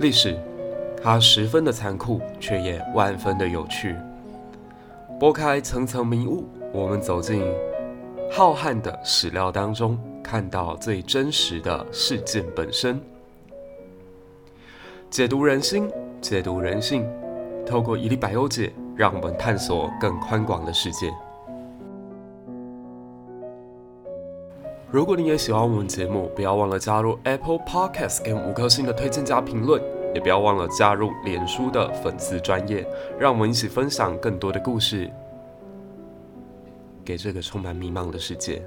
歷史，它十分的殘酷，卻也萬分的有趣。撥開層層迷霧，我們走進浩瀚的史料當中，看到最真實的事件本身，解讀人心，解讀人性，透過一粒百憂解，讓我們探索更寬廣的世界。如果你也喜歡我們節目，不要忘了加入 Apple Podcast 跟五顆星的推薦加評論，也不要忘了加入臉書的粉絲專頁，讓我們一起分享更多的故事，給這個充滿迷茫的世界。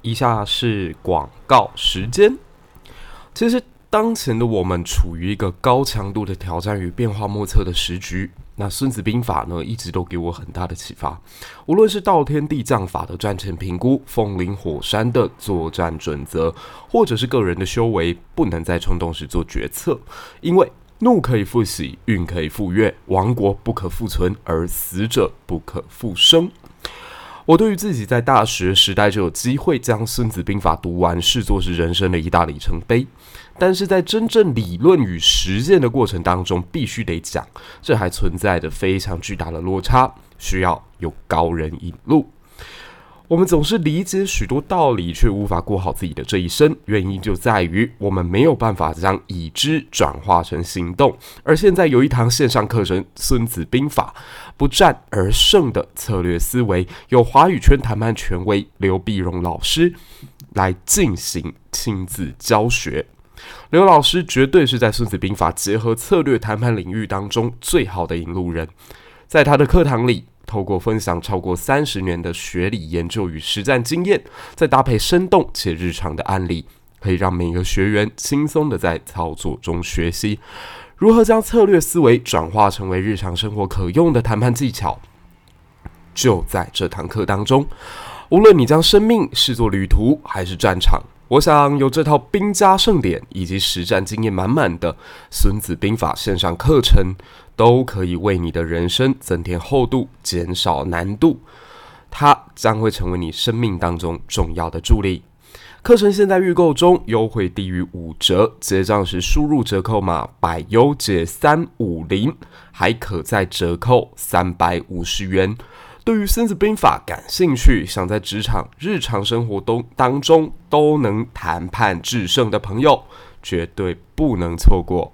以下是廣告時間。其實，當前的我們處於一個高強度的挑戰與變化莫測的時局。那《孫子兵法》呢，一直都給我很大的啟發。無論是道天地將法的戰前評估，風林火山的作戰準則，或者是個人的修為，不能在衝動時做決策，因為怒可以復喜，慍可以復悅，亡國不可復存，而死者不可復生。我對於自己在大學時代就有機會將《孫子兵法》讀完，視作是人生的一大里程碑。但是在真正理論與實踐的過程當中，必須得講，這還存在着非常巨大的落差，需要有高人引路。我們總是理解許多道理，卻無法過好自己的這一生，原因就在於我們沒有辦法將已知轉化成行動。而現在有一堂線上課程《孫子兵法：不戰而勝的策略思維》，由華語圈談判權威劉必榮老師來進行親自教學。劉老師絕對是在《孫子兵法》結合策略談判領域當中最好的引路人，在他的課堂裡，透過分享超過三十年的學理研究與實戰經驗，再搭配生動且日常的案例，可以讓每個學員輕鬆的在操作中學習，如何將策略思維轉化成為日常生活可用的談判技巧。就在這堂課當中，無論你將生命視作旅途還是戰場，我想有這套兵家聖典以及實戰經驗滿滿的《孫子兵法》線上課程。都可以為你的人生增添厚度，減少難度。它將會成為你生命當中重要的助力。課程現在預購中，優惠低於五折，結賬時輸入折扣碼“百憂解三五零”，還可再折扣三百五十元。對於《孫子兵法》感興趣，想在職場、日常生活都當中都能談判制勝的朋友，絕對不能錯過。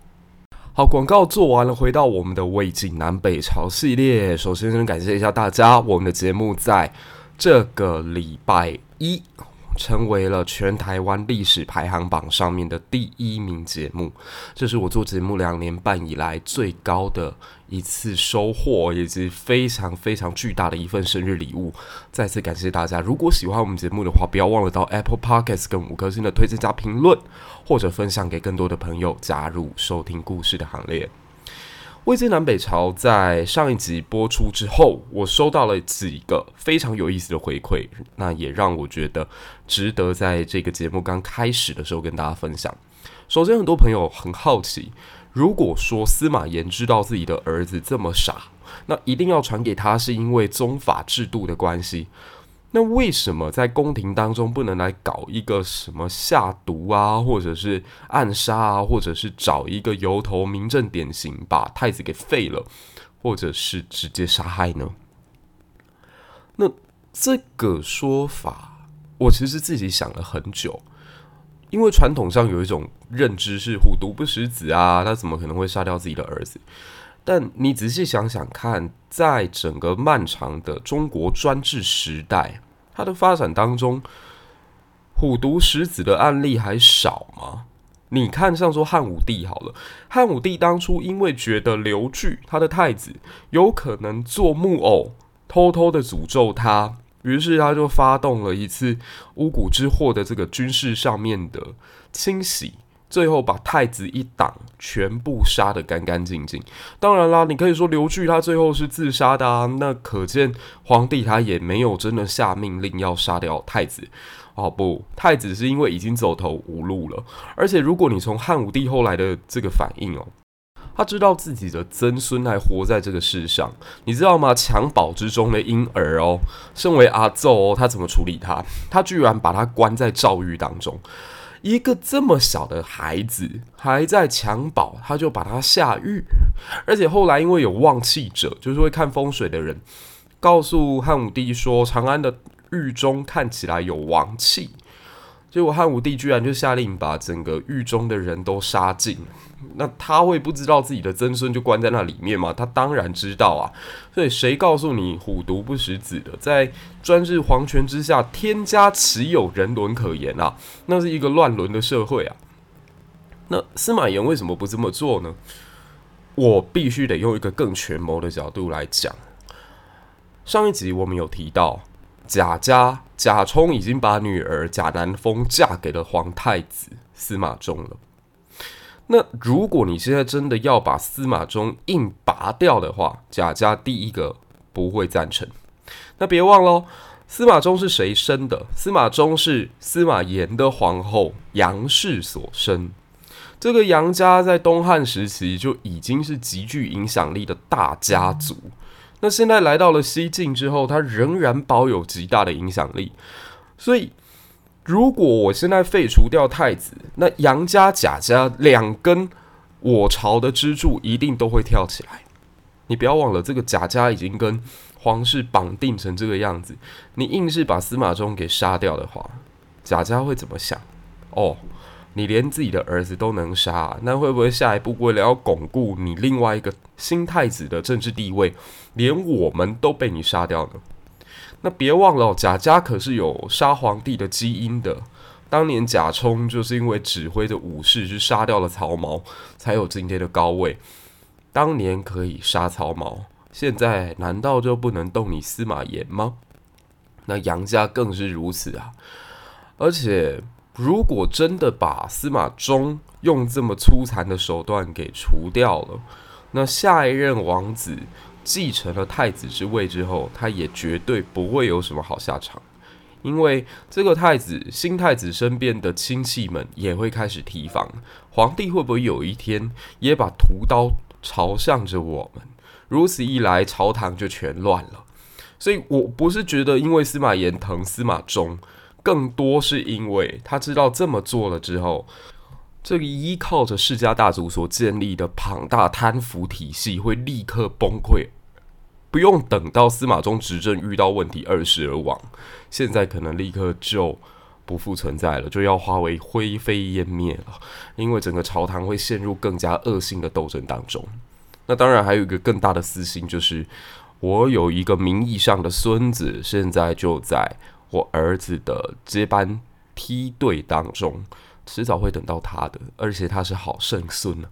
好，廣告做完了，回到我們的魏晉南北朝系列。首先，先感謝一下大家，我們的節目在這個禮拜一，成為了全台灣歷史排行榜上面的第一名節目，這是我做節目兩年半以來最高的一次收穫，以及非常非常巨大的一份生日禮物。再次感謝大家！如果喜歡我們節目的話，不要忘了到 Apple Podcast 跟五顆星的推薦加評論，或者分享給更多的朋友，加入收聽故事的行列。魏晉南北朝在上一集播出之後，我收到了幾個非常有意思的回饋，那也讓我覺得值得在這個節目剛開始的時候跟大家分享。首先，很多朋友很好奇，如果說司馬炎知道自己的兒子這麼傻，那一定要傳給他，是因為宗法制度的關係。那為什麼在宮廷當中不能來搞一個什麼下毒啊，或者是暗殺啊，或者是找一個由頭明正典刑把太子給廢了，或者是直接殺害呢？那這個說法，我其實自己想了很久，因為傳統上有一種認知是“虎毒不食子”啊，他怎麼可能會殺掉自己的兒子？但你仔細想想看，在整個漫長的中國專制時代，它的發展當中，虎毒食子的案例還少嗎？你看，像說漢武帝好了，漢武帝當初因為覺得劉據他的太子有可能做木偶，偷偷的詛咒他，於是他就發動了一次巫蠱之禍的這個軍事上面的清洗。最後把太子一黨全部殺得乾乾淨淨。當然啦，你可以說劉據他最後是自殺的啊，那可見皇帝他也沒有真的下命令要殺掉太子。哦，不，太子是因為已經走投無路了。而且如果你從漢武帝後來的這個反應哦、喔，他知道自己的曾孫還活在這個世上，你知道嗎？襁褓之中的嬰兒哦、喔，身為阿祖哦、喔，他怎麼處理他？他居然把他關在詔獄當中。一個這麼小的孩子還在襁褓，他就把他下獄，而且後來因為有望氣者，就是會看風水的人，告訴漢武帝說，長安的獄中看起來有王氣，結果漢武帝居然就下令把整個獄中的人都殺盡。那他會不知道自己的曾孫就關在那裡面嗎？他當然知道啊。所以誰告訴你虎毒不食子的？在專制皇權之下，天家豈有人倫可言啊？那是一個亂倫的社會啊。那司馬炎為什麼不這麼做呢？我必須得用一個更權謀的角度來講。上一集我們有提到，賈家賈充已經把女兒賈南風嫁給了皇太子司馬衷了。那如果你現在真的要把司馬衷硬拔掉的話，賈家第一個不會贊成。那別忘了，司馬衷是誰生的？司馬衷是司馬炎的皇后楊氏所生。這個楊家在東漢時期就已經是極具影響力的大家族。那現在來到了西晉之後，他仍然保有極大的影響力。所以。如果我現在廢除掉太子，那楊家、賈家兩根我朝的支柱一定都會跳起來。你不要忘了，這個賈家已經跟皇室綁定成這個樣子。你硬是把司馬衷給殺掉的話，賈家會怎麼想？哦，你連自己的兒子都能殺，那會不會下一步為了要鞏固你另外一個新太子的政治地位，連我們都被你殺掉呢？那別忘了哦，賈家可是有殺皇帝的基因的。當年賈充就是因為指揮的武士去殺掉了曹髦，才有今天的高位。當年可以殺曹髦，現在難道就不能動你司馬炎嗎？那楊家更是如此啊！而且，如果真的把司馬衷用這麼粗殘的手段給除掉了，那下一任王子。繼承了太子之位之後，他也絕對不會有什麼好下場，因為這個太子、新太子身邊的親戚們也會開始提防，皇帝，會不會有一天也把屠刀朝向着我們？如此一來，朝堂就全亂了。所以我不是覺得因為司馬炎疼司馬衷，更多是因為他知道這麼做了之後。這個依靠着世家大族所建立的龐大貪腐體系會立刻崩潰，不用等到司馬衷執政遇到問題二世而亡，現在可能立刻就不復存在了，就要化為灰飛煙滅了。因為整個朝堂會陷入更加惡性的鬥爭當中。那當然，還有一個更大的私心，就是我有一個名義上的孫子，現在就在我兒子的接班梯隊當中。遲早會等到他的，而且他是好聖孫呢。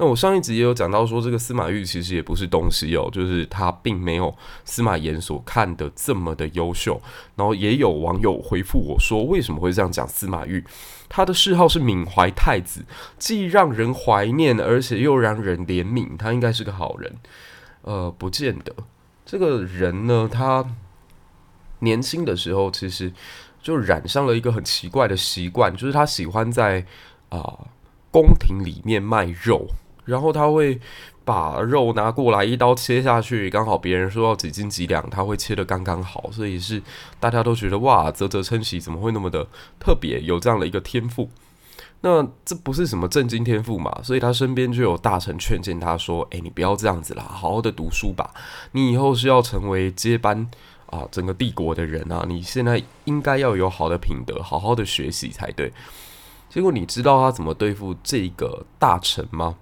那我上一集也有講到說，這個司馬遹其實也不是東西哦，就是他並沒有司馬炎所看的這麼的優秀。然後也有網友回覆我說，為什麼會這樣講司馬遹？他的諡號是愍懷太子，既讓人懷念，而且又讓人憐憫，他應該是個好人。呃，不見得。這個人呢，他年輕的時候其實。就染上了一個很奇怪的習慣，就是他喜歡在啊、呃、宮廷裡面賣肉，然後他會把肉拿過來一刀切下去，剛好別人說要幾斤幾兩，他會切得剛剛好，所以是大家都覺得哇，嘖嘖稱奇，怎麼會那麼的特別有這樣的一個天賦？那這不是什麼正經天賦嘛，所以他身邊就有大臣勸諫他說：“誒、欸，你不要這樣子啦，好好的讀書吧，你以後是要成為接班。”啊，整個帝國的人啊，你現在應該要有好的品德，好好的學習才對。結果你知道他怎麼對付這個大臣嗎？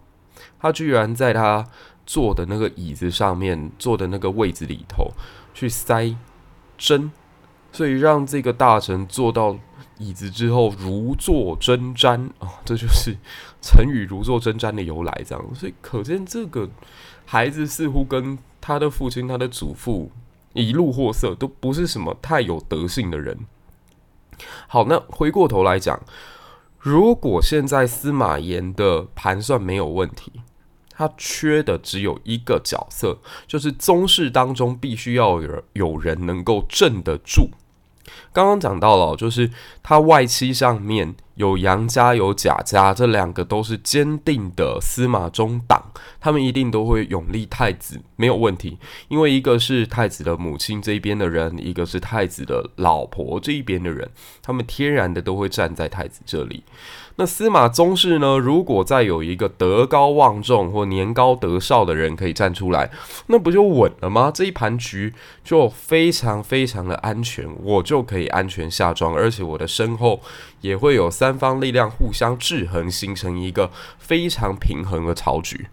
他居然在他坐的那個椅子上面坐的那個位子裡頭去塞針，所以讓這個大臣坐到椅子之後如坐針氈啊！這就是成語“如坐針氈”的由來，這樣。所以可見，這個孩子似乎跟他的父親、他的祖父。一路貨色都不是什麼太有德性的人。好，那回過頭來講，如果現在司馬炎的盤算沒有問題，他缺的只有一個角色，就是宗室當中必須要有，有人能夠鎮得住。剛剛講到了，就是他外戚上面有楊家有賈家，這兩個都是堅定的司馬衷黨，他們一定都會擁立太子，沒有問題。因為一個是太子的母親這一邊的人，一個是太子的老婆這一邊的人，他們天然的都會站在太子這裡。那司馬宗室呢？如果再有一個德高望重或年高德劭的人可以站出來，那不就穩了嗎？這一盤局就非常非常的安全，我就可以安全下莊，而且我的身後也會有三方力量互相制衡，形成一個非常平衡的朝局。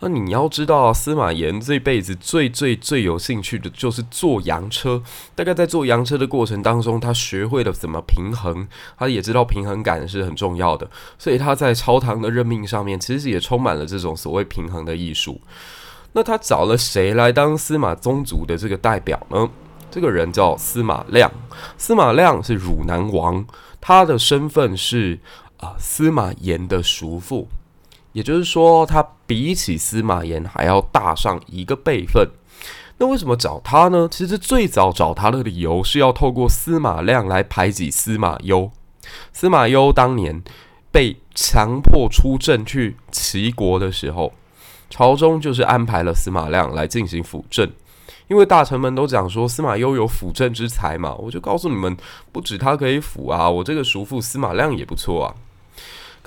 那你要知道，司馬炎這輩子最最最有興趣的就是坐羊車。大概在坐羊車的過程當中，他學會了怎麼平衡，他也知道平衡感是很重要的。所以他在朝堂的任命上面，其實也充滿了這種所謂平衡的藝術。那他找了誰來當司馬宗族的這個代表呢？這個人叫司馬亮，司馬亮是汝南王，他的身份是啊司馬炎的叔父。也就是說，他比起司馬炎還要大上一個輩分。那為什麼找他呢？其實最早找他的理由是要透過司馬亮來排擠司馬攸。司馬攸當年被強迫出鎮去齊國的時候，朝中就是安排了司馬亮來進行輔政，因為大臣們都講說司馬攸有輔政之才嘛。我就告訴你們，不止他可以輔啊，我這個叔父司馬亮也不錯啊。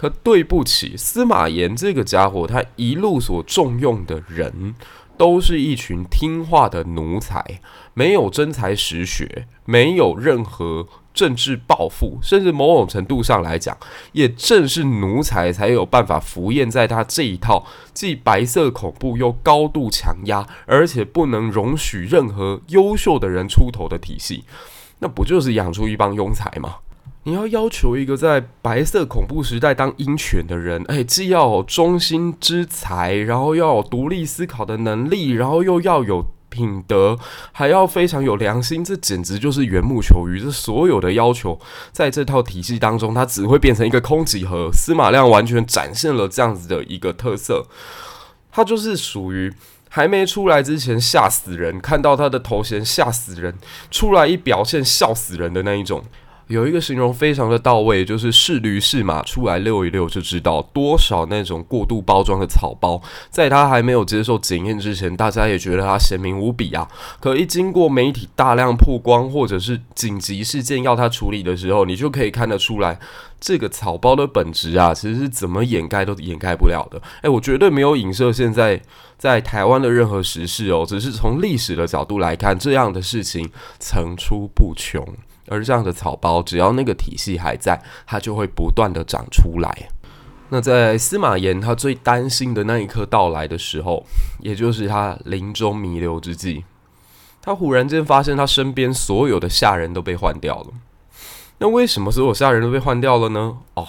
可對不起，司馬炎這個家伙，他一路所重用的人都是一群聽話的奴才，沒有真才實學，沒有任何政治抱負，甚至某種程度上來講，也正是奴才才有辦法浮現在他這一套既白色恐怖又高度強壓，而且不能容許任何優秀的人出頭的體系，那不就是養出一幫庸才嗎？你要要求一個在白色恐怖時代當鷹犬的人，誒、欸，既要有忠心之才，然後要有獨立思考的能力，然後又要有品德，還要非常有良心，這簡直就是緣木求魚。這所有的要求，在這套體系當中，它只會變成一個空集合。司馬亮完全展現了這樣子的一個特色，他就是屬於還沒出來之前嚇死人，看到他的頭銜嚇死人，出來一表現笑死人的那一種。有一個形容非常的到位，就是是驢是馬出來遛，一遛就知道。多少那種過度包裝的草包，在他還沒有接受檢驗之前，大家也覺得他賢明無比啊。可一經過媒體大量曝光，或者是緊急事件要他處理的時候，你就可以看得出來，這個草包的本質啊，其實是怎麼掩蓋都掩蓋不了的。誒，我絕對沒有影射現在在台灣的任何時事哦，只是從歷史的角度來看，這樣的事情層出不窮。而這樣的草包，只要那個體系還在，它就會不斷的長出來。那在司馬炎他最擔心的那一刻到來的時候，也就是他臨終彌留之際，他忽然間發現他身邊所有的下人都被換掉了。那為什麼所有下人都被換掉了呢？哦，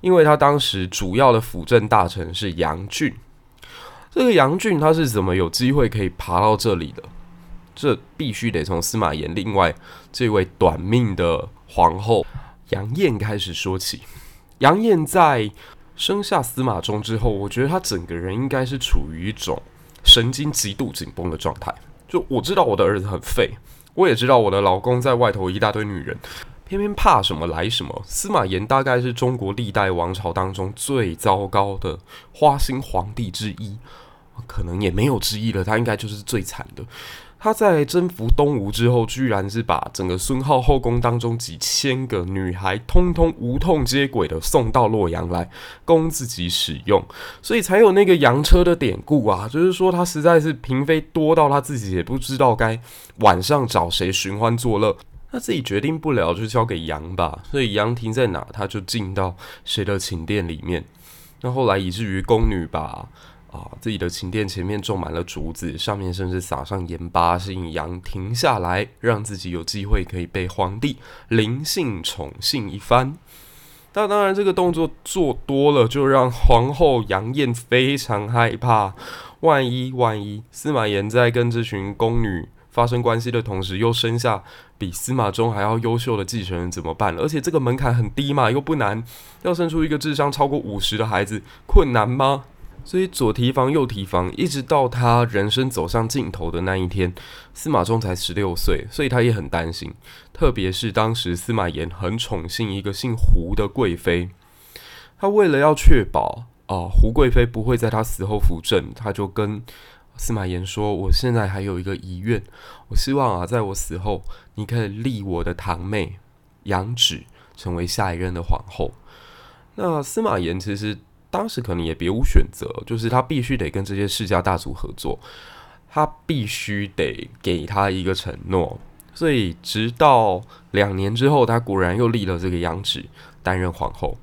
因為他當時主要的輔政大臣是楊駿。這個楊駿他是怎麼有機會可以爬到這裡的？這必須得從司馬炎另外這位短命的皇后楊艷開始說起。楊艷在生下司馬衷之後，我覺得她整個人應該是處於一種神經極度緊繃的狀態。就我知道我的兒子很廢，我也知道我的老公在外頭一大堆女人，偏偏怕什麼來什麼。司馬炎大概是中國歷代王朝當中最糟糕的花心皇帝之一，可能也沒有之一了，他應該就是最慘的。他在征服東吳之後，居然是把整個孫皓後宮當中幾千個女孩，通通無痛接軌的送到洛陽來供自己使用，所以才有那個羊車的典故啊。就是說他實在是嬪妃多到他自己也不知道該晚上找誰尋歡作樂，他自己決定不了，就交給羊吧。所以羊停在哪，他就進到誰的寢殿裡面。那後來以至於宮女吧。啊，自己的寢殿前面種滿了竹子，上面甚至撒上鹽巴，吸引羊停下來，讓自己有機會可以被皇帝臨幸寵幸一番。那當然，這個動作做多了，就讓皇后楊艷非常害怕。萬一萬一，司馬炎在跟這群宮女發生關係的同時，又生下比司馬衷還要優秀的繼承人怎麼辦？而且這個門檻很低嘛，又不難，要生出一個智商超過五十的孩子，困難嗎？所以左提防右提防，一直到他人生走向盡頭的那一天，司馬衷才十六歲，所以他也很擔心。特別是當時司馬炎很寵幸一個姓胡的貴妃，他為了要確保啊胡貴妃不會在他死後扶正，他就跟司馬炎說：“我現在還有一個遺願，我希望啊在我死後，你可以立我的堂妹楊芷成為下一任的皇後。”那司馬炎其實，當時可能也別無選擇，就是他必須得跟這些世家大族合作，他必須得給他一個承諾。所以，直到兩年之後，他果然又立了這個楊芷擔任皇後。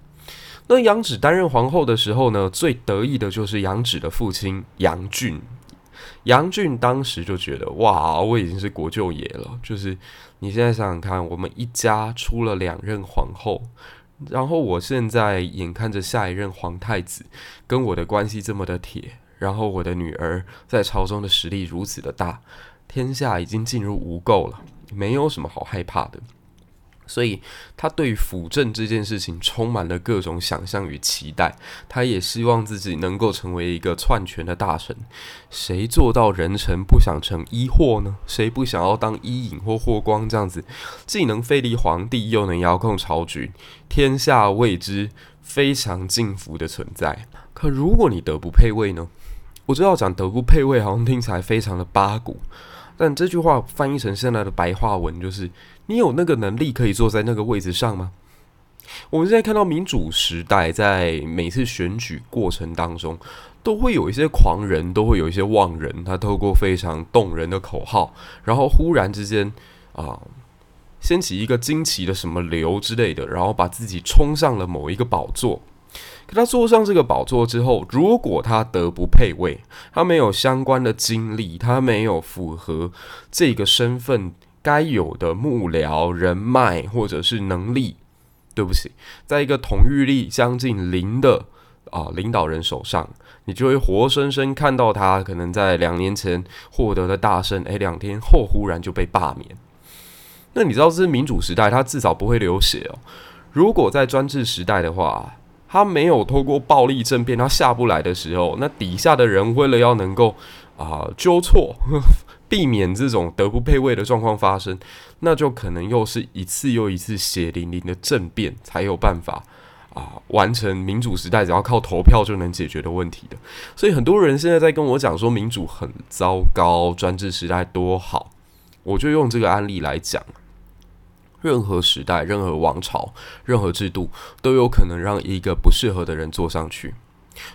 那楊芷擔任皇後的時候呢，最得意的就是楊芷的父親楊駿。楊駿當時就覺得，哇，我已經是國舅爺了。就是你現在想想看，我們一家出了兩任皇後。然後我現在眼看着下一任皇太子跟我的關係這麼的鐵，然後我的女兒在朝中的實力如此的大，天下已經進入吾彀了，沒有什麼好害怕的。所以他對輔政這件事情充滿了各種想象與期待，他也希望自己能夠成為一個篡權的大臣。誰做到人臣不想成伊霍呢？誰不想要當伊尹或霍光這樣子，既能廢立皇帝，又能遙控朝局，天下為之非常敬服的存在。可如果你德不配位呢？我知道講德不配位，好像聽起來非常的八股。但這句話翻譯成現在的白話文，就是你有那個能力可以坐在那個位置上嗎？我們現在看到民主時代，在每次選舉過程當中，都會有一些狂人，都會有一些妄人，他透過非常動人的口號，然後忽然之間啊、呃，掀起一個驚奇的什麼流之類的，然後把自己衝上了某一個寶座。他坐上這個寶座之後，如果他德不配位，他沒有相關的經歷，他沒有符合這個身份該有的幕僚人脈或者是能力，對不起，在一個統御力將近零的啊、哦、領導人手上，你就會活生生看到他可能在兩年前獲得的大勝，誒、欸，兩天後忽然就被罷免。那你知道這是民主時代，他至少不會流血哦。如果在專制時代的話，他沒有透過暴力政變，他下不來的時候，那底下的人為了要能夠啊、呃、糾錯呵呵，避免這種德不配位的狀況發生，那就可能又是一次又一次血淋淋的政變，才有辦法啊、呃、完成民主時代只要靠投票就能解決的問題的。所以很多人現在在跟我講說民主很糟糕，專制時代多好，我就用這個案例來講。任何時代、任何王朝、任何制度都有可能讓一個不適合的人坐上去。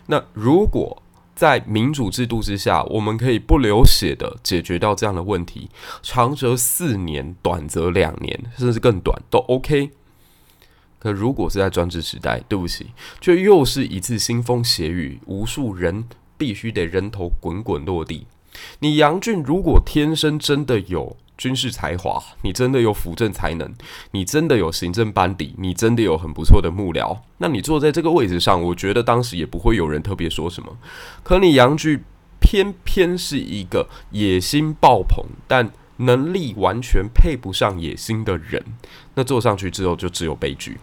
那如果在民主制度之下，我們可以不流血的解決掉這樣的問題，長則四年，短則兩年，甚至更短都 OK。可如果是在專制時代，對不起，卻又是一次腥風血雨，無數人必須得人頭滾滾落地。你楊駿如果天生真的有……軍事才華，你真的有輔政才能，你真的有行政班底，你真的有很不錯的幕僚，那你坐在這個位置上，我覺得當時也不會有人特別說什麼。可你楊駿偏偏是一個野心爆棚，但能力完全配不上野心的人，那坐上去之後就只有悲劇。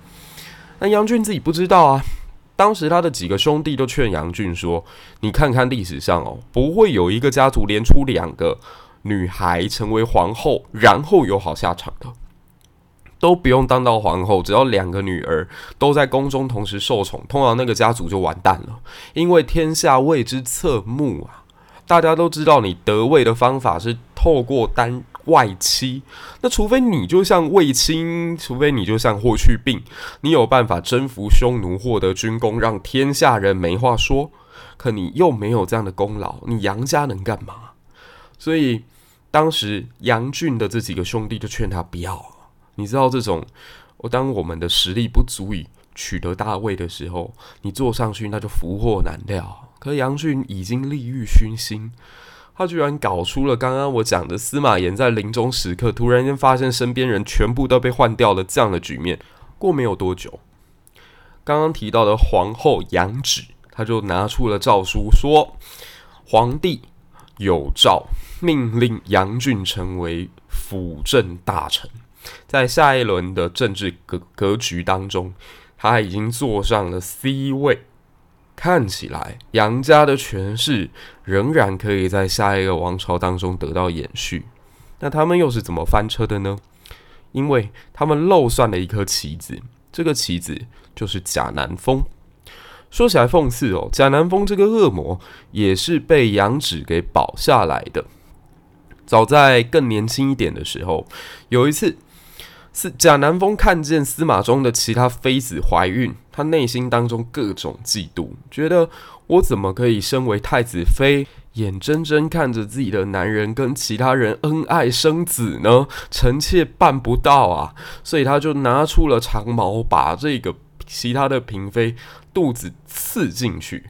那楊駿自己不知道啊，當時他的幾個兄弟都勸楊駿說：“你看看歷史上哦，不會有一個家族連出兩個。”女孩成為皇後，然後有好下場的，都不用當到皇後，只要兩個女兒都在宮中同時受寵，通常那個家族就完蛋了，因為天下為之側目啊！大家都知道你得位的方法是透過單外戚，那除非你就像衛青，除非你就像霍去病，你有辦法征服匈奴，獲得軍功，讓天下人沒話說，可你又沒有這樣的功勞，你楊家能幹嘛？所以。當時楊駿的這幾個兄弟就勸他不要了。你知道這種，我當我們的實力不足以取得大位的時候，你坐上去那就福禍難料。可楊駿已經利欲熏心，他居然搞出了剛剛我講的司馬炎在臨終時刻突然間發現身邊人全部都被換掉了這樣的局面。過沒有多久，剛剛提到的皇后楊芷，他就拿出了詔書說：“皇帝有詔。”命令楊駿成為輔政大臣，在下一輪的政治格格局當中，他已經坐上了 C 位，看起來楊家的權勢仍然可以在下一個王朝當中得到延續。那他們又是怎麼翻車的呢？因為他們漏算了一顆棋子，這個棋子就是賈南風。說起來諷刺哦，賈南風這個惡魔也是被楊芷給保下來的。早在更年輕一點的時候，有一次，是賈南風看見司馬衷的其他妃子懷孕，他內心當中各種嫉妒，覺得我怎麼可以身為太子妃，眼睜睜看着自己的男人跟其他人恩愛生子呢？臣妾辦不到啊！所以他就拿出了長矛，把這個其他的嬪妃肚子刺進去，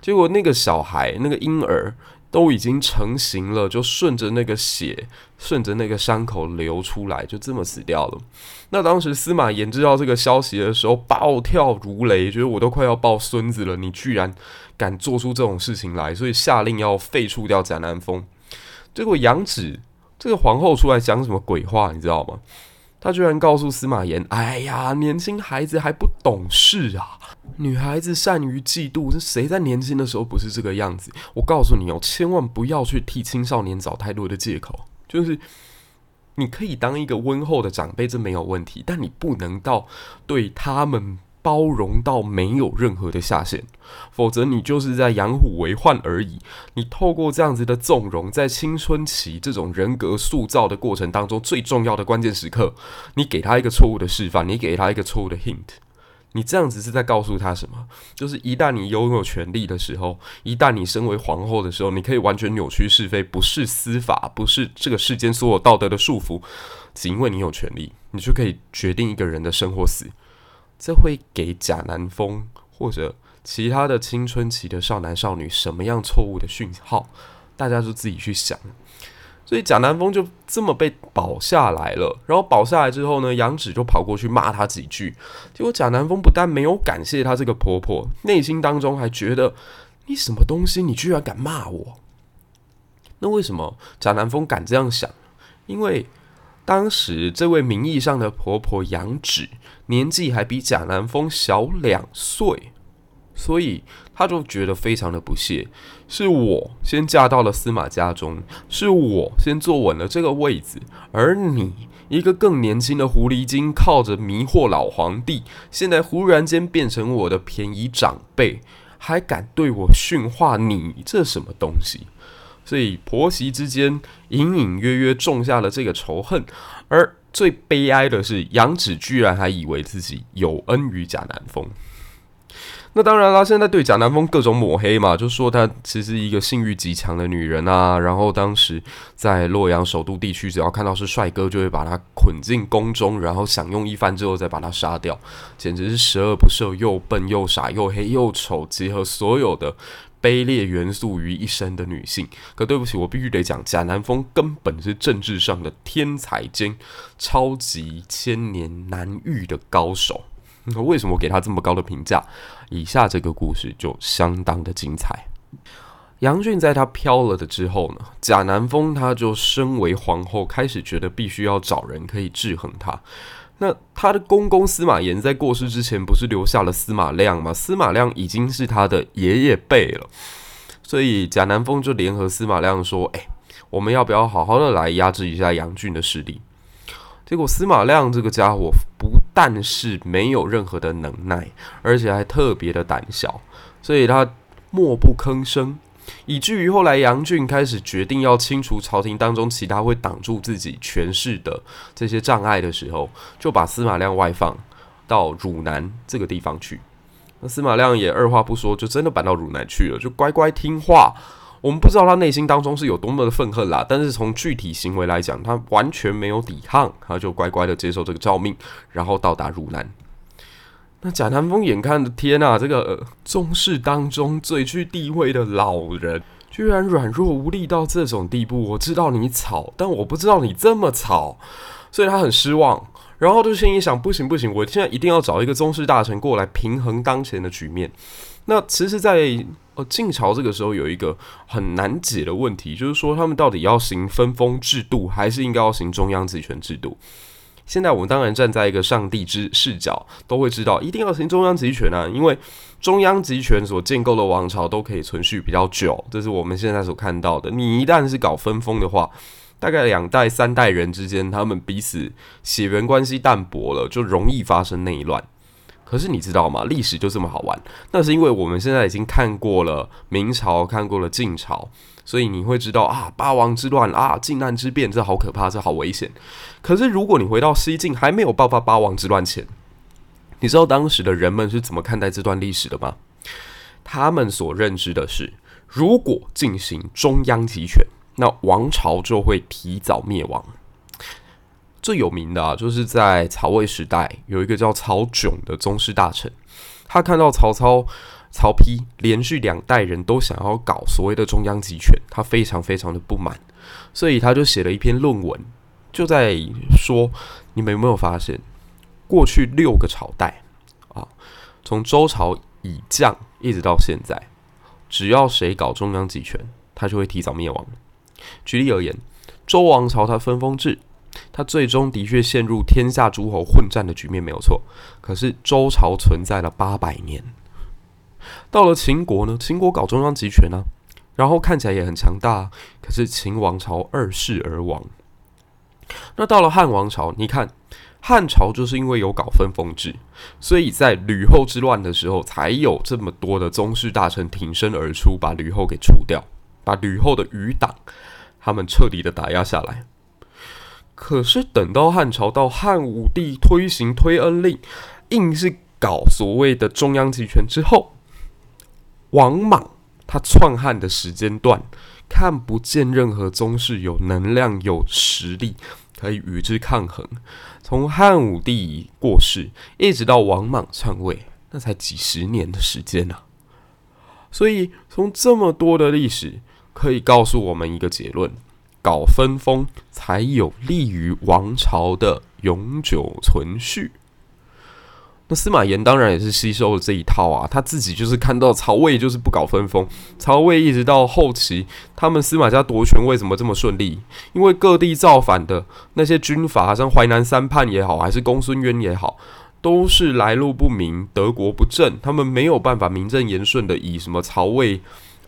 結果那個小孩，那個嬰兒。都已經成型了，就順着那個血，順着那個傷口流出來，就這麼死掉了。那當時司馬炎知道這個消息的時候，暴跳如雷，覺得我都快要抱孫子了，你居然敢做出這種事情來，所以下令要廢除掉賈南風。結果楊芷這個皇后出來講什麼鬼話，你知道嗎？她居然告訴司馬炎：“哎呀，年輕孩子還不懂事啊。”女孩子善於嫉妒，是誰在年輕的時候不是這個樣子？我告訴你哦，千萬不要去替青少年找太多的借口。就是你可以當一個溫厚的長輩，這沒有問題，但你不能到對他們包容到沒有任何的下限，否則你就是在養虎為患而已。你透過這樣子的縱容，在青春期這種人格塑造的過程當中最重要的關鍵時刻，你給他一個錯誤的示範，你給他一個錯誤的 hint。你這樣子是在告訴他什麼？就是一旦你擁有權力的時候，一旦你身為皇後的時候，你可以完全扭曲是非，不是司法，不是這個世間所有道德的束縛，只因為你有權利，你就可以決定一個人的生或死。這會給賈南風或者其他的青春期的少男少女什麼樣錯誤的訊號？大家就自己去想。所以賈南風就這麼被保下來了。然後保下來之後呢，楊芷就跑過去罵他幾句。結果賈南風不但沒有感謝她這個婆婆，內心當中還覺得你什麼東西，你居然敢罵我？那為什麼賈南風敢這樣想？因為當時這位名義上的婆婆楊芷年紀還比賈南風小兩歲。所以他就覺得非常的不屑，是我先嫁到了司馬家中，是我先坐穩了這個位子，而你一個更年輕的狐狸精，靠着迷惑老皇帝，現在忽然間變成我的便宜長輩，還敢對我訓話，你這什麼東西？所以婆媳之間隱隱約約種下了這個仇恨，而最悲哀的是，楊芷居然還以為自己有恩於賈南風。那當然啦，現在對賈南風各種抹黑嘛，就說她其實一個性欲極強的女人啊。然後當時在洛陽首都地區，只要看到是帥哥，就會把她捆進宮中，然後享用一番之後再把她殺掉，簡直是十惡不赦，又笨又傻又黑又醜，集合所有的卑劣元素於一身的女性。可對不起，我必須得講，賈南風根本是政治上的天才兼超級千年難遇的高手。那為什麼給他這麼高的評價？以下這個故事就相當的精彩。楊駿在他飄了的之後呢，賈南風他就身為皇後，開始覺得必須要找人可以制衡他。那他的公公司馬炎在過世之前，不是留下了司馬亮嗎？司馬亮已經是他的爺爺輩了，所以賈南風就聯合司馬亮說：“哎，我們要不要好好的來壓制一下楊駿的勢力？”結果司馬亮這個家夥不但是沒有任何的能耐，而且還特別的膽小，所以他默不吭聲，以至於後來楊駿開始決定要清除朝廷當中其他會擋住自己權勢的這些障礙的時候，就把司馬亮外放到汝南這個地方去。那司馬亮也二話不說，就真的搬到汝南去了，就乖乖聽話。我們不知道他內心當中是有多麼的憤恨啦，但是從具體行為來講，他完全沒有抵抗，他就乖乖的接受這個詔命，然後到達汝南。那賈南風眼看的天啊，這個、呃、宗室當中最具地位的老人，居然軟弱無力到這種地步！我知道你吵，但我不知道你這麼吵，所以他很失望。然後就心裡想，不行不行，我現在一定要找一個宗室大臣過來平衡當前的局面。那其實，在呃晉朝這個時候，有一個很難解的問題，就是說他們到底要行分封制度，還是應該要行中央集權制度？現在我們當然站在一個上帝之視角，都會知道一定要行中央集權啊，因為中央集權所建構的王朝都可以存續比較久，這是我們現在所看到的。你一旦是搞分封的話，大概兩代三代人之間，他們彼此血緣關係淡薄了，就容易發生內亂。可是你知道嗎？歷史就這麼好玩。那是因為我們現在已經看過了明朝，看過了晉朝，所以你會知道啊，八王之亂啊，靖難之變，這好可怕，這好危險。可是如果你回到西晉，還沒有爆發八王之亂前，你知道當時的人們是怎麼看待這段歷史的嗎？他們所認知的是，如果進行中央集權，那王朝就會提早滅亡。最有名的啊，就是在曹魏時代，有一個叫曹炯的宗室大臣，他看到曹操、曹丕連續兩代人都想要搞所謂的中央集權，他非常非常的不滿，所以他就寫了一篇論文，就在說：你們有沒有發現，過去六個朝代啊，從周朝以降一直到現在，只要誰搞中央集權，他就會提早滅亡。舉例而言，周王朝它分封制，它最終的確陷入天下諸侯混戰的局面，沒有錯。可是周朝存在了八百年，到了秦國呢？秦國搞中央集權呢、啊，然後看起來也很強大。可是秦王朝二世而亡。那到了漢王朝，你看漢朝就是因為有搞分封制，所以在呂後之亂的時候，才有這麼多的宗室大臣挺身而出，把呂後給除掉，把呂後的餘黨。他們徹底的打壓下來，可是等到漢朝到漢武帝推行推恩令，硬是搞所謂的中央集權之後，王莽他篡漢的時間段，看不見任何宗室有能量、有實力可以與之抗衡。從漢武帝過世一直到王莽篡位，那才幾十年的時間呢、啊。所以從這麼多的歷史。可以告訴我們一個結論：搞分封才有利於王朝的永久存續。那司馬炎當然也是吸收了這一套啊，他自己就是看到曹魏就是不搞分封，曹魏一直到後期，他們司馬家奪權為什麼這麼順利？因為各地造反的那些軍閥，像淮南三叛也好，還是公孫淵也好，都是來路不明、得國不正，他們沒有辦法名正言順的以什麼曹魏。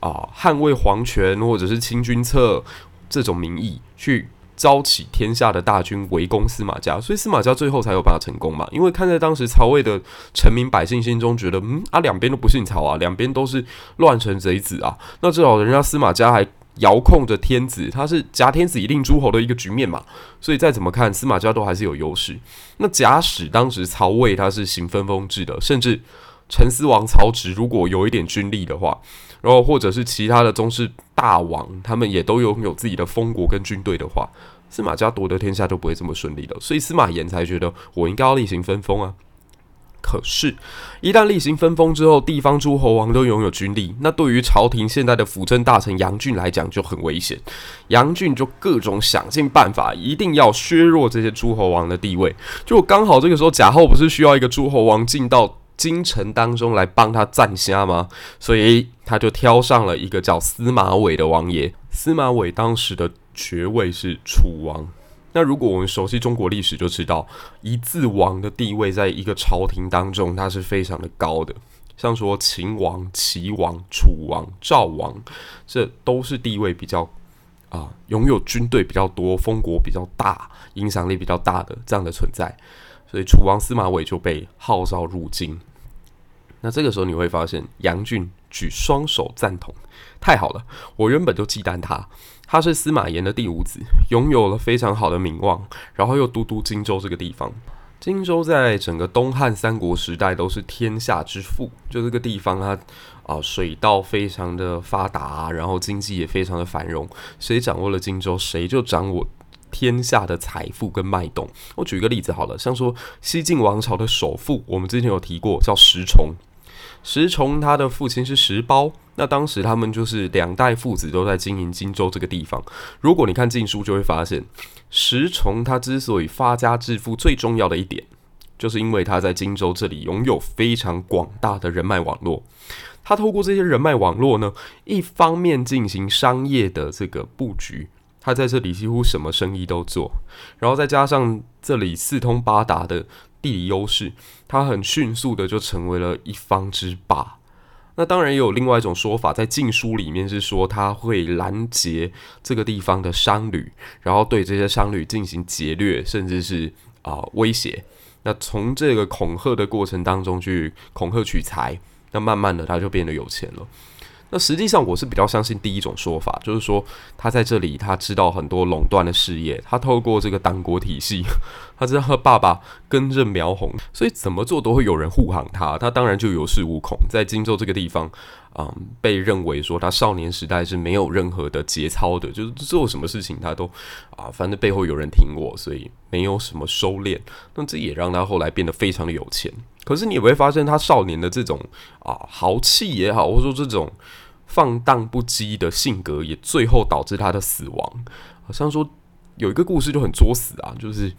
啊，捍衛皇權或者是清君側這種名義去招起天下的大軍圍攻司馬家，所以司馬家最後才有辦法成功嘛。因為看在當時曹魏的臣民百姓心中，覺得嗯，啊，兩邊都不姓曹啊，兩邊都是亂臣賊子啊，那至少人家司馬家還遙控着天子，他是挾天子以令諸侯的一個局面嘛。所以再怎麼看司馬家都還是有優勢。那假使當時曹魏他是行分封制的，甚至陳思王曹植如果有一點軍力的話。然後，或者是其他的宗室大王，他們也都擁有自己的封國跟軍隊的話，司馬家奪得天下就不會這麼順利了。所以司馬炎才覺得我應該要另行分封啊。可是，一旦另行分封之後，地方諸侯王都擁有軍力，那對於朝廷現在的輔政大臣楊駿來講就很危險。楊駿就各種想盡辦法，一定要削弱這些諸侯王的地位。就我剛好這個時候，賈後不是需要一個諸侯王進到。京城當中來幫他占下嗎？所以他就挑上了一個叫司馬瑋的王爺。司馬瑋當時的爵位是楚王。那如果我們熟悉中國歷史，就知道一字王的地位，在一個朝廷當中，它是非常的高的。像說秦王、齊王、楚王、趙王，這都是地位比較啊，擁、呃、有軍隊比較多、封國比較大、影響力比較大的這樣的存在。所以，楚王司馬瑋就被號召入京。那這個時候，你會發現楊駿舉雙手贊同。太好了，我原本就忌憚他。他是司馬炎的第五子，擁有了非常好的名望，然後又都督荊州這個地方。荊州在整個東漢三國時代都是天下之富，就這個地方它啊、呃，水稻非常的發達、啊，然後經濟也非常的繁榮。誰掌握了荊州，誰就掌握。天下的財富跟脈動，我舉一個例子好了，像說西晉王朝的首富，我們之前有提過，叫石崇。石崇他的父親是石苞，那當時他們就是兩代父子都在經營荊州這個地方。如果你看《晉書》，就會發現石崇他之所以發家致富，最重要的一點，就是因為他在荊州這裡擁有非常廣大的人脈網絡。他透過這些人脈網絡呢，一方面進行商業的這個布局。他在這裡幾乎什麼生意都做，然後再加上這裡四通八達的地理優勢，他很迅速的就成為了一方之霸。那當然也有另外一種說法，在《晉書》裡面是說他會攔截這個地方的商旅，然後對這些商旅進行劫掠，甚至是啊、呃、威脅。那從這個恐嚇的過程當中去恐嚇取財，那慢慢的他就變得有錢了。那實際上我是比較相信第一種說法，就是說他在這裡他知道很多壟斷的事業，他透過這個黨國體系，他知道他爸爸根正苗紅，所以怎麼做都會有人護航他，他當然就有恃無恐，在荊州這個地方，嗯、呃，被認為說他少年時代是沒有任何的節操的，就是做什麼事情他都啊、呃，反正背後有人挺我，所以沒有什麼收斂。那這也讓他後來變得非常的有錢。可是你也會發現他少年的這種啊、呃、豪氣也好，或者說這種。放蕩不羈的性格也最後導致他的死亡。好像說有一個故事就很作死啊，就是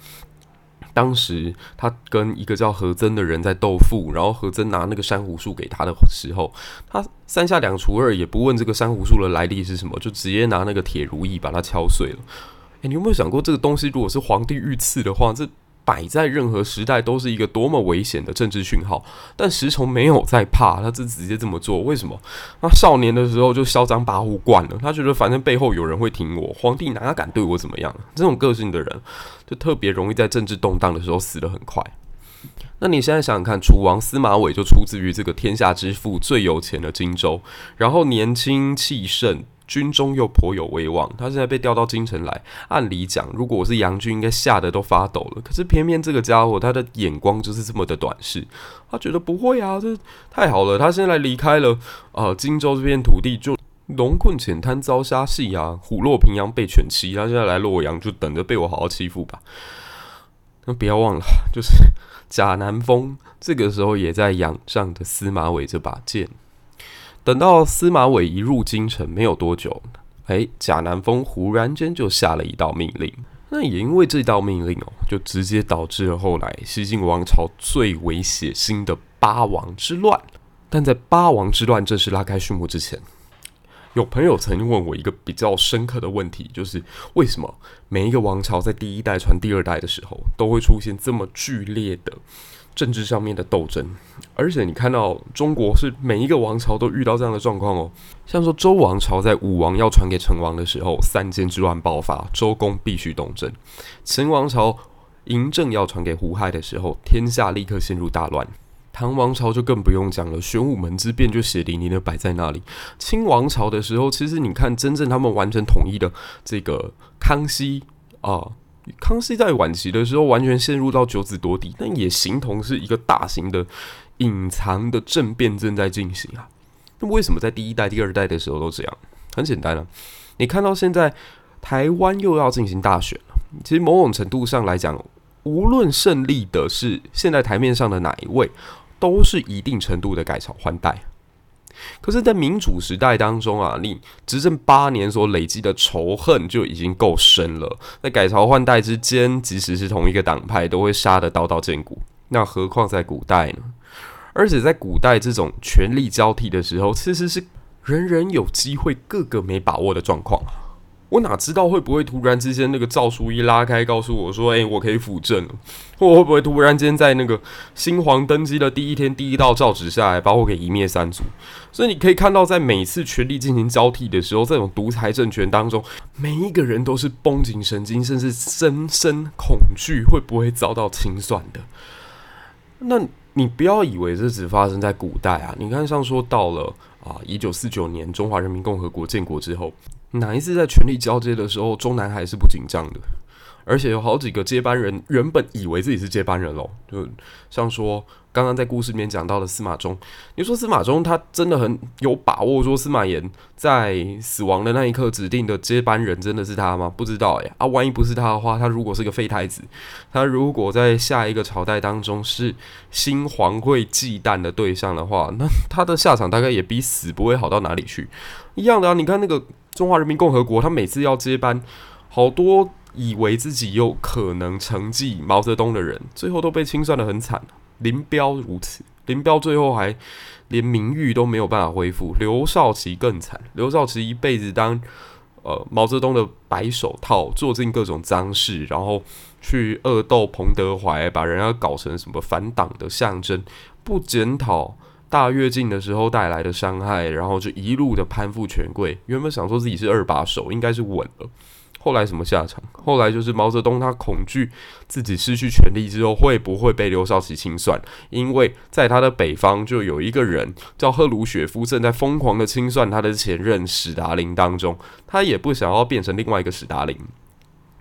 當時他跟一個叫何曾的人在鬥富，然後何曾拿那個珊瑚樹給他的時候，他三下兩除二也不問這個珊瑚樹的來歷是什麼，就直接拿那個鐵如意把它敲碎了。誒、欸，你有沒有想過這個東西如果是皇帝御賜的話，這？擺在任何時代都是一個多麼危險的政治訊號，但石崇沒有在怕，他就直接這麼做，為什麼？那少年的時候就囂張跋扈慣了，他覺得反正背後有人會挺我，皇帝哪敢對我怎麼樣？這種個性的人，就特別容易在政治動盪的時候死得很快。那你現在想想看，楚王司馬瑋就出自於這個天下之富，最有錢的荊州，然後年輕氣盛。軍中又頗有威望，他現在被調到京城來。按理講，如果我是楊駿，應該嚇得都發抖了。可是偏偏這個家伙，他的眼光就是這麼的短視。他覺得不會啊，這太好了。他現在離開了啊荊州這片土地，就龍困淺灘遭蝦戲啊，虎落平陽被犬欺。他現在來洛陽，就等着被我好好欺負吧。那不要忘了，就是賈南風這個時候也在仰仗著司馬瑋這把劍。等到司馬瑋一入京城沒有多久，誒、欸，賈南風忽然間就下了一道命令。那也因為這道命令哦，就直接導致了後來西晉王朝最為血腥的八王之亂。但在八王之亂正式拉開序幕之前，有朋友曾經問我一個比較深刻的問題，就是為什麼每一個王朝在第一代傳第二代的時候，都會出現這麼劇烈的政治上面的鬥爭，而且你看到中國是每一個王朝都遇到這樣的狀況哦。像說周王朝在武王要傳給成王的時候，三監之亂爆發，周公必須東征；秦王朝嬴政要傳給胡亥的時候，天下立刻陷入大亂；唐王朝就更不用講了，玄武門之變就血淋淋的擺在那裡。清王朝的時候，其實你看真正他們完成統一的這個康熙啊。呃康熙在晚期的時候，完全陷入到九子奪嫡，但也形同是一個大型的隱藏的政變正在進行啊。那麼為什麼在第一代、第二代的時候都這樣？很簡單啊，你看到現在台灣又要進行大選了，其實某種程度上來講，無論勝利的是現在台面上的哪一位，都是一定程度的改朝換代。可是，在民主時代當中啊，你執政八年所累積的仇恨就已經夠深了。那改朝換代之間，即使是同一個黨派，都會殺得刀刀見骨。那何況在古代呢？而且在古代這種權力交替的時候，其實是人人有機會、個個沒把握的狀況啊。我哪知道會不會突然之間那個詔書一拉開，告訴我說：“誒，我可以輔政。”我會不會突然間在那個新皇登基的第一天，第一道詔旨下來，把我給一滅三族？所以你可以看到，在每次權力進行交替的時候，這種獨裁政權當中，每一個人都是繃緊神經，甚至深深恐懼會不會遭到清算的。那你不要以為這只發生在古代啊！你看，像說到了啊，一九四九年中華人民共和國建國之後。哪一次在權力交接的時候，中南海是不緊張的？而且有好幾個接班人原本以為自己是接班人嘍，就像說。剛剛在故事裡面講到的司馬衷，你說司馬衷他真的很有把握說司馬炎在死亡的那一刻指定的接班人真的是他嗎？不知道誒。啊，萬一不是他的話，他如果是個廢太子，他如果在下一個朝代當中是新皇會忌憚的對象的話，那他的下場大概也比死不會好到哪裡去。一樣的啊，你看那個中華人民共和國，他每次要接班，好多以為自己有可能承繼毛澤東的人，最後都被清算的很慘。林彪如此，林彪最後還連名譽都沒有辦法恢復。劉少奇更慘，劉少奇一輩子當呃毛澤東的白手套，做盡各種髒事，然後去惡鬥彭德懷，把人家搞成什麼反黨的象徵，不檢討大躍進的時候帶來的傷害，然後就一路的攀附權貴。原本想說自己是二把手，應該是穩了。後來什麼下場？後來就是毛澤東他恐懼自己失去權力之後會不會被劉少奇清算，因為在他的北方就有一個人叫赫魯雪夫正在瘋狂的清算他的前任史達林當中，他也不想要變成另外一個史達林。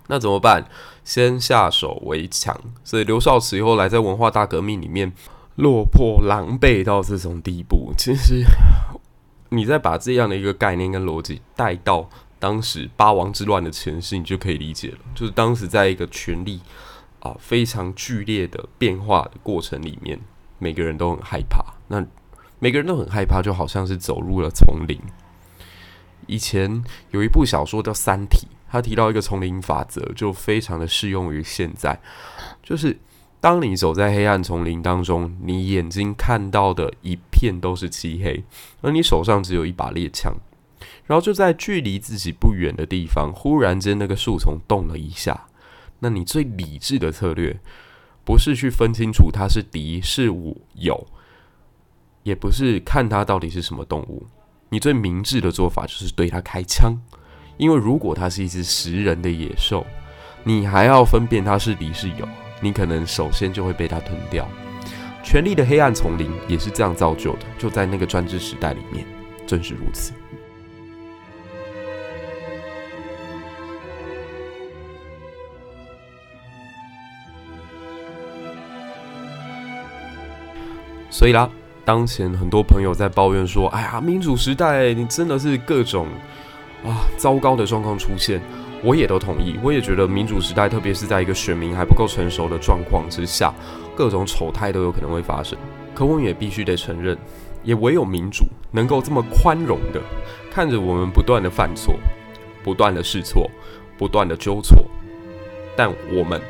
那怎麼辦？先下手為強。所以劉少奇後來在文化大革命裡面落魄狼狽到這種地步，其實你再把這樣的一個概念跟邏輯帶到。當時八王之亂的前夕，你就可以理解了。就是當時在一個權力啊非常劇烈的變化的過程裡面，每個人都很害怕。那每個人都很害怕，就好像是走入了叢林。以前有一部小說叫《三體》，他提到一個叢林法則，就非常的適用於現在。就是當你走在黑暗叢林當中，你眼睛看到的一片都是漆黑，而你手上只有一把獵槍。然後就在距離自己不遠的地方，忽然間那個樹叢動了一下。那你最理智的策略，不是去分清楚它是敵是友，也不是看它到底是什麼動物。你最明智的做法就是對它開槍，因為如果它是一隻食人的野獸，你還要分辨它是敵是友，你可能首先就會被它吞掉。權力的黑暗叢林也是這樣造就的，就在那個專制時代裡面，正是如此。所以啦，當前很多朋友在抱怨說：“哎呀，民主時代你真的是各種啊糟糕的狀況出現。”我也都同意，我也覺得民主時代，特別是在一個選民還不夠成熟的狀況之下，各種醜態都有可能會發生。可我們也必須得承認，也唯有民主能夠這麼寬容的看着我們不斷的犯錯、不斷的試錯、不斷的糾錯。但我們，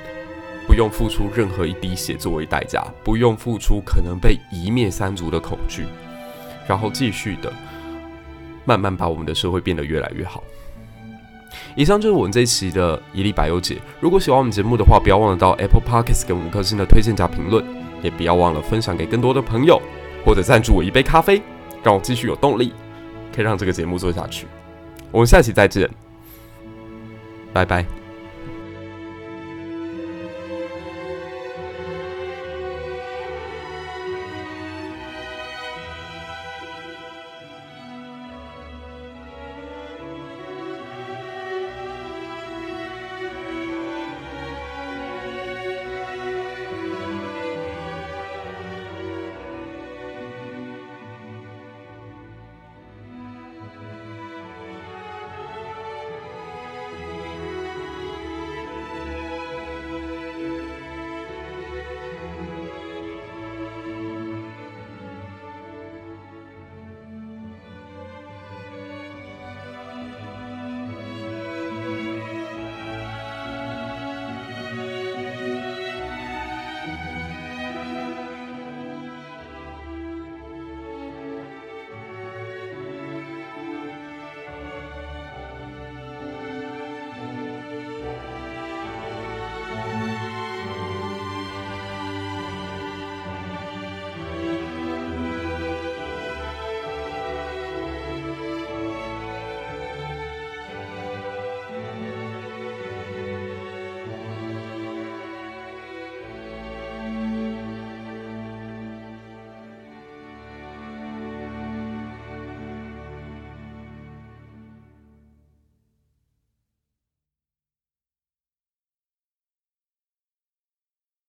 不用付出任何一滴血作為代價，不用付出可能被夷滅三族的恐懼，然後繼續的慢慢把我們的社會變得越來越好。以上就是我們這一期的一歷百憂解，如果喜歡我們節目的話，不要忘了到 Apple Podcast 給我們五顆星的推薦加評論，也不要忘了分享給更多的朋友，或者贊助我一杯咖啡，讓我繼續有動力，可以讓這個節目做下去。我們下期再見，拜拜。